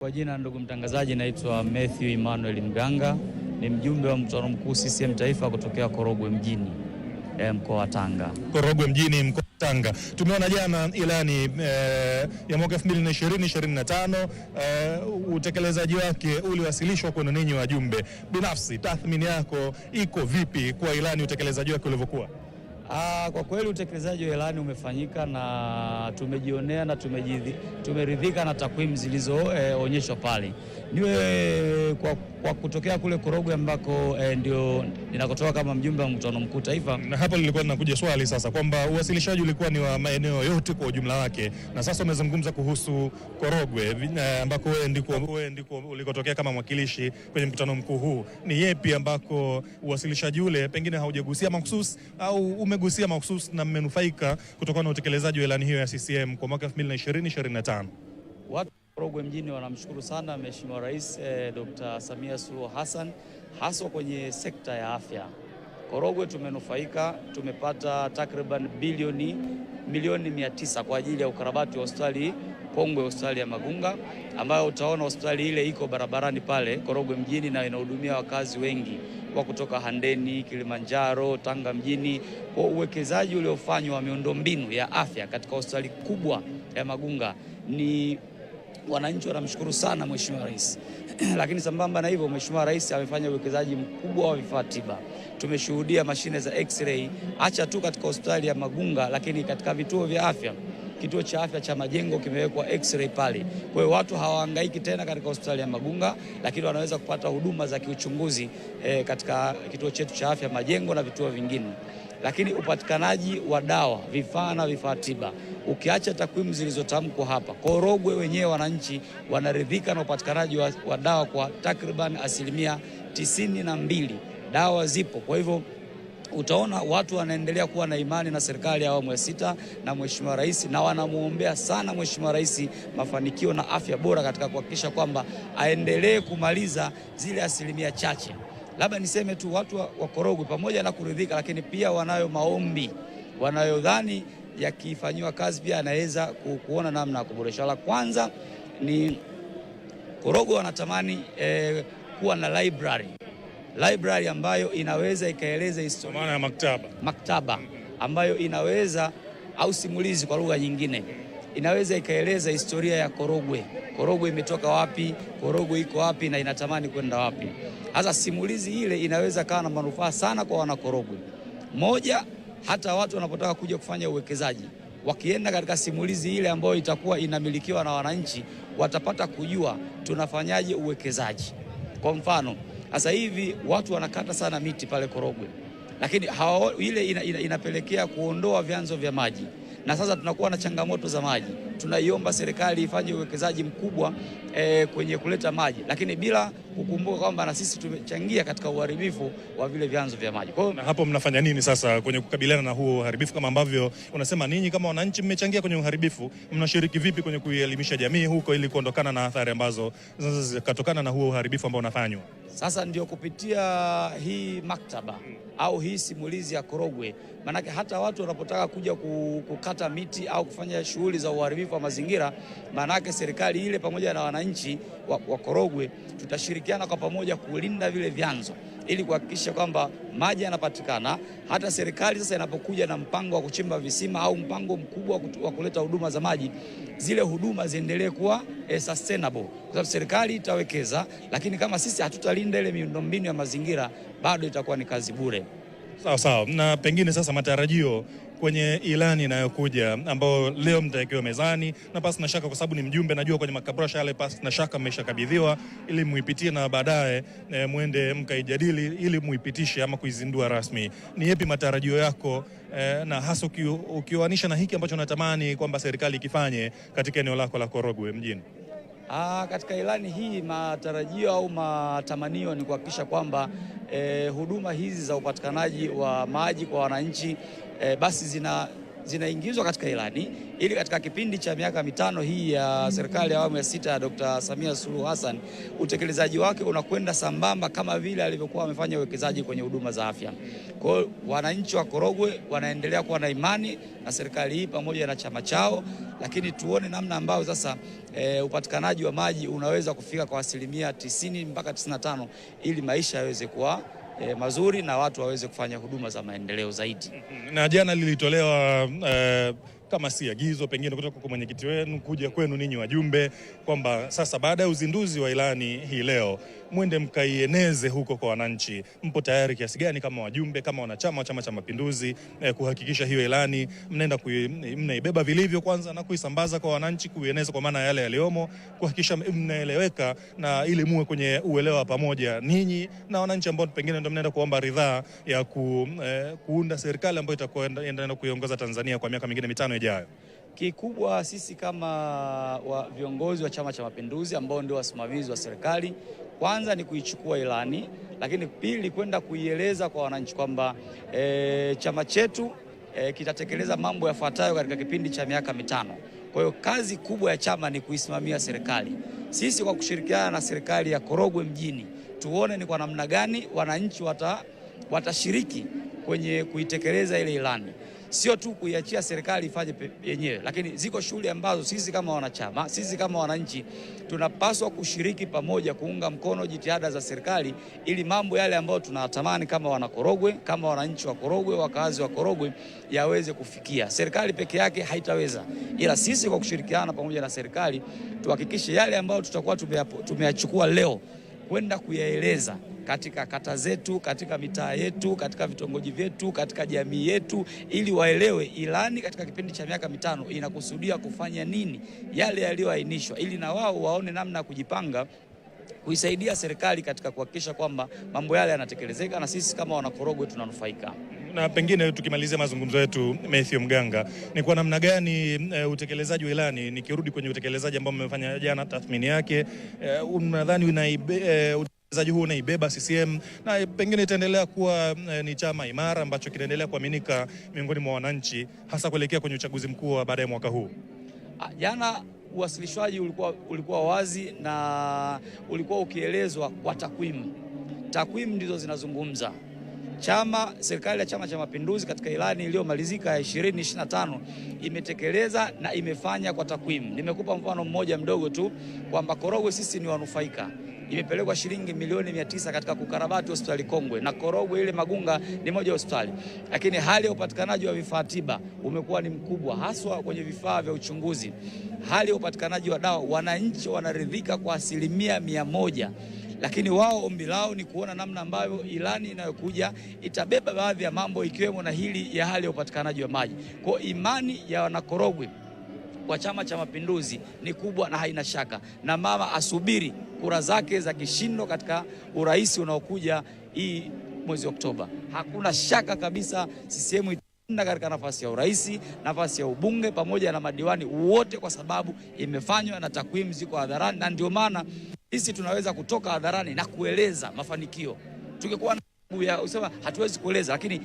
Kwa jina ndugu mtangazaji, naitwa Matthew Emmanuel Mganga, ni mjumbe wa mkutano mkuu CCM Taifa kutokea Korogwe mjini eh, mkoa wa Tanga. Korogwe mjini mkoa wa Tanga. Tumeona jana ilani eh, ya mwaka 2020-2025 eh, utekelezaji wake uliwasilishwa kwenu ninyi wajumbe. Binafsi tathmini yako iko vipi kwa ilani utekelezaji wake ulivyokuwa? Aa, ah, kwa kweli utekelezaji wa ilani umefanyika na tumejionea na tumeridhika na takwimu zilizoonyeshwa eh, e, pale. Niwe kwa, kwa kutokea kule Korogwe ambako e, ndio ninakotoka kama mjumbe wa mkutano mkuu taifa. Na hapo lilikuwa linakuja swali sasa kwamba uwasilishaji ulikuwa ni wa maeneo yote kwa ujumla wake, na sasa umezungumza kuhusu Korogwe eh, ambako wewe ndiko wewe ndiko ulikotokea kama mwakilishi kwenye mkutano mkuu huu. Ni yepi ambako uwasilishaji ule pengine haujagusia mahususi au ume mmegusia mahususi na mmenufaika kutokana na utekelezaji wa ilani hiyo ya CCM kwa mwaka 2020 2025? Watu Korogwe mjini wanamshukuru sana Mheshimiwa Rais eh, Dr. Samia Suluhu Hassan haswa kwenye sekta ya afya. Korogwe tumenufaika, tumepata takriban bilioni milioni 900 kwa ajili ya ukarabati wa hospitali kongwe, hospitali ya Magunga ambayo utaona hospitali ile iko barabarani pale Korogwe mjini na inahudumia wakazi wengi wa kutoka Handeni, Kilimanjaro, Tanga mjini kwa uwekezaji uliofanywa wa miundombinu ya afya katika hospitali kubwa ya Magunga ni wananchi wanamshukuru sana Mheshimiwa Rais. Lakini sambamba na hivyo, Mheshimiwa Rais amefanya uwekezaji mkubwa wa vifaa tiba. Tumeshuhudia mashine za x-ray acha tu katika hospitali ya Magunga, lakini katika vituo vya afya kituo cha afya cha Majengo kimewekwa x-ray pale. Kwa hiyo watu hawahangaiki tena katika hospitali ya Magunga, lakini wanaweza kupata huduma za kiuchunguzi eh, katika kituo chetu cha afya Majengo na vituo vingine lakini upatikanaji wa dawa, vifaa na vifaa tiba, ukiacha takwimu zilizotamkwa hapa, Korogwe wenyewe wananchi wanaridhika na upatikanaji wa, wa dawa kwa takriban asilimia tisini na mbili. Dawa zipo, kwa hivyo utaona watu wanaendelea kuwa na imani na serikali ya awamu ya sita na mheshimiwa rais, na wanamwombea sana mheshimiwa rais mafanikio na afya bora katika kuhakikisha kwamba aendelee kumaliza zile asilimia chache. Labda niseme tu watu wa, wa Korogwe pamoja na kuridhika, lakini pia wanayo maombi wanayodhani yakifanyiwa kazi pia anaweza kuona namna ya kuboresha. La kwanza ni Korogwe wanatamani eh, kuwa na library library ambayo inaweza ikaeleza historia, maana ya maktaba, maktaba ambayo inaweza au simulizi kwa lugha nyingine inaweza ikaeleza historia ya Korogwe. Korogwe imetoka wapi? Korogwe iko wapi na inatamani kwenda wapi? Hasa simulizi ile inaweza kawa na manufaa sana kwa wanakorogwe. Moja, hata watu wanapotaka kuja kufanya uwekezaji wakienda katika simulizi ile ambayo itakuwa inamilikiwa na wananchi, watapata kujua tunafanyaje uwekezaji. Kwa mfano sasa hivi watu wanakata sana miti pale Korogwe, lakini hao, ile ina, ina, inapelekea kuondoa vyanzo vya maji na sasa tunakuwa na changamoto za maji. Tunaiomba serikali ifanye uwekezaji mkubwa e, kwenye kuleta maji, lakini bila kukumbuka kwamba na sisi tumechangia katika uharibifu wa vile vyanzo vya maji. Kwa hiyo na hapo mnafanya nini sasa kwenye kukabiliana na huo uharibifu, kama ambavyo unasema ninyi kama wananchi mmechangia kwenye uharibifu, mnashiriki vipi kwenye kuielimisha jamii huko ili kuondokana na athari ambazo zinazotokana na huo uharibifu ambao unafanywa? Sasa ndio kupitia hii maktaba au hii simulizi ya Korogwe, maanake hata watu wanapotaka kuja kukata miti au kufanya shughuli za uharibifu wa mazingira, maanake serikali ile pamoja na wananchi wa, wa Korogwe tutashirikiana kwa pamoja kulinda vile vyanzo ili kuhakikisha kwamba maji yanapatikana. Hata serikali sasa inapokuja na mpango wa kuchimba visima au mpango mkubwa wa kuleta huduma za maji, zile huduma ziendelee kuwa eh, sustainable, kwa sababu serikali itawekeza, lakini kama sisi hatutalinda ile miundombinu ya mazingira, bado itakuwa ni kazi bure. Sawa sawa, na pengine sasa matarajio kwenye ilani inayokuja ambayo leo mtaekewa mezani, na pasi na shaka, kwa sababu ni mjumbe, najua kwenye makabrasha yale, pasi na shaka mmeshakabidhiwa ili muipitie na baadaye e, mwende mkaijadili ili muipitishe ama kuizindua rasmi. Ni yepi matarajio yako e, na hasa ukioanisha na hiki ambacho natamani kwamba serikali ikifanye katika eneo lako la Korogwe mjini? Aa, ah, katika ilani hii matarajio au matamanio ni kuhakikisha kwamba eh, huduma hizi za upatikanaji wa maji kwa wananchi eh, basi zina zinaingizwa katika ilani ili katika kipindi cha miaka mitano hii ya serikali ya awamu ya sita ya Dr. Samia Suluhu Hassan utekelezaji wake unakwenda sambamba kama vile alivyokuwa amefanya uwekezaji kwenye huduma za afya. Kwa hiyo wananchi wa Korogwe wanaendelea kuwa na imani na serikali hii pamoja na chama chao, lakini tuone namna ambayo sasa e, upatikanaji wa maji unaweza kufika kwa asilimia 90 mpaka 95 ili maisha yaweze kuwa e, mazuri na watu waweze kufanya huduma za maendeleo zaidi. Mhm. Na jana lilitolewa e, kama si agizo pengine kutoka kwa mwenyekiti wenu kuja kwenu ninyi wajumbe kwamba sasa baada ya uzinduzi wa ilani hii leo mwende mkaieneze huko kwa wananchi. Mpo tayari kiasi gani kama wajumbe, kama wanachama wa Chama cha Mapinduzi eh, kuhakikisha hiyo ilani mnaenda mnaibeba vilivyo kwanza na kuisambaza kwa wananchi, kuieneza kwa maana yale yaliyomo, kuhakikisha mnaeleweka na ili muwe kwenye uelewa pamoja ninyi na wananchi ambao pengine ndio mnaenda kuomba ridhaa ya ku, eh, kuunda serikali ambayo itakwenda kuiongoza Tanzania kwa miaka mingine mitano ijayo. Kikubwa sisi kama wa viongozi wa Chama cha Mapinduzi ambao ndio wasimamizi wa serikali, kwanza ni kuichukua ilani, lakini pili kwenda kuieleza kwa wananchi kwamba e, chama chetu e, kitatekeleza mambo yafuatayo katika kipindi cha miaka mitano. Kwa hiyo kazi kubwa ya chama ni kuisimamia serikali. Sisi kwa kushirikiana na serikali ya Korogwe mjini, tuone ni kwa namna gani wananchi wata, watashiriki kwenye kuitekeleza ile ilani sio tu kuiachia serikali ifanye yenyewe, lakini ziko shughuli ambazo sisi kama wanachama, sisi kama wananchi tunapaswa kushiriki pamoja, kuunga mkono jitihada za serikali ili mambo yale ambayo tunatamani kama wanakorogwe, kama wananchi wa Korogwe, wakazi wa Korogwe yaweze kufikia. Serikali peke yake haitaweza, ila sisi kwa kushirikiana pamoja na serikali tuhakikishe yale ambayo tutakuwa tumeyachukua leo kwenda kuyaeleza katika kata zetu, katika mitaa yetu, katika vitongoji vyetu, katika jamii yetu, ili waelewe ilani katika kipindi cha miaka mitano inakusudia kufanya nini, yale yaliyoainishwa, ili na wao waone namna ya kujipanga kuisaidia serikali katika kuhakikisha kwamba mambo yale yanatekelezeka na sisi kama Wanakorogwe tunanufaika na pengine tukimalizia mazungumzo yetu, Mathew Mganga, ni kwa namna gani e, utekelezaji wa ilani, nikirudi kwenye utekelezaji ambao mmefanya jana, tathmini yake e, unadhani eh, utekelezaji huu unaibeba CCM na pengine itaendelea kuwa e, ni chama imara ambacho kinaendelea kuaminika miongoni mwa wananchi hasa kuelekea kwenye uchaguzi mkuu wa baadaye mwaka huu? Ah, jana uwasilishwaji ulikuwa, ulikuwa wazi na ulikuwa ukielezwa kwa takwimu. Takwimu ndizo zinazungumza chama serikali ya Chama cha Mapinduzi katika ilani iliyomalizika ya 2025 imetekeleza na imefanya kwa takwimu. Nimekupa mfano mmoja mdogo tu kwamba Korogwe sisi ni wanufaika imepelekwa shilingi milioni mia tisa katika kukarabati hospitali kongwe na Korogwe ile Magunga ni moja hospitali, lakini hali ya upatikanaji wa vifaa tiba umekuwa ni mkubwa, haswa kwenye vifaa vya uchunguzi. Hali ya upatikanaji wa dawa, wananchi wanaridhika kwa asilimia mia moja lakini wao ombi lao ni kuona namna ambayo ilani inayokuja itabeba baadhi ya mambo ikiwemo na hili ya hali ya upatikanaji wa maji. Kwa imani ya wanakorogwe kwa Chama cha Mapinduzi ni kubwa na haina shaka, na mama asubiri kura zake za kishindo katika urais unaokuja hii mwezi Oktoba. Hakuna shaka kabisa CCM na katika nafasi ya urais, nafasi ya ubunge pamoja na madiwani wote, kwa sababu imefanywa na takwimu ziko hadharani, na ndio maana sisi tunaweza kutoka hadharani na kueleza mafanikio. Tukikuwa na ya usema hatuwezi kueleza, lakini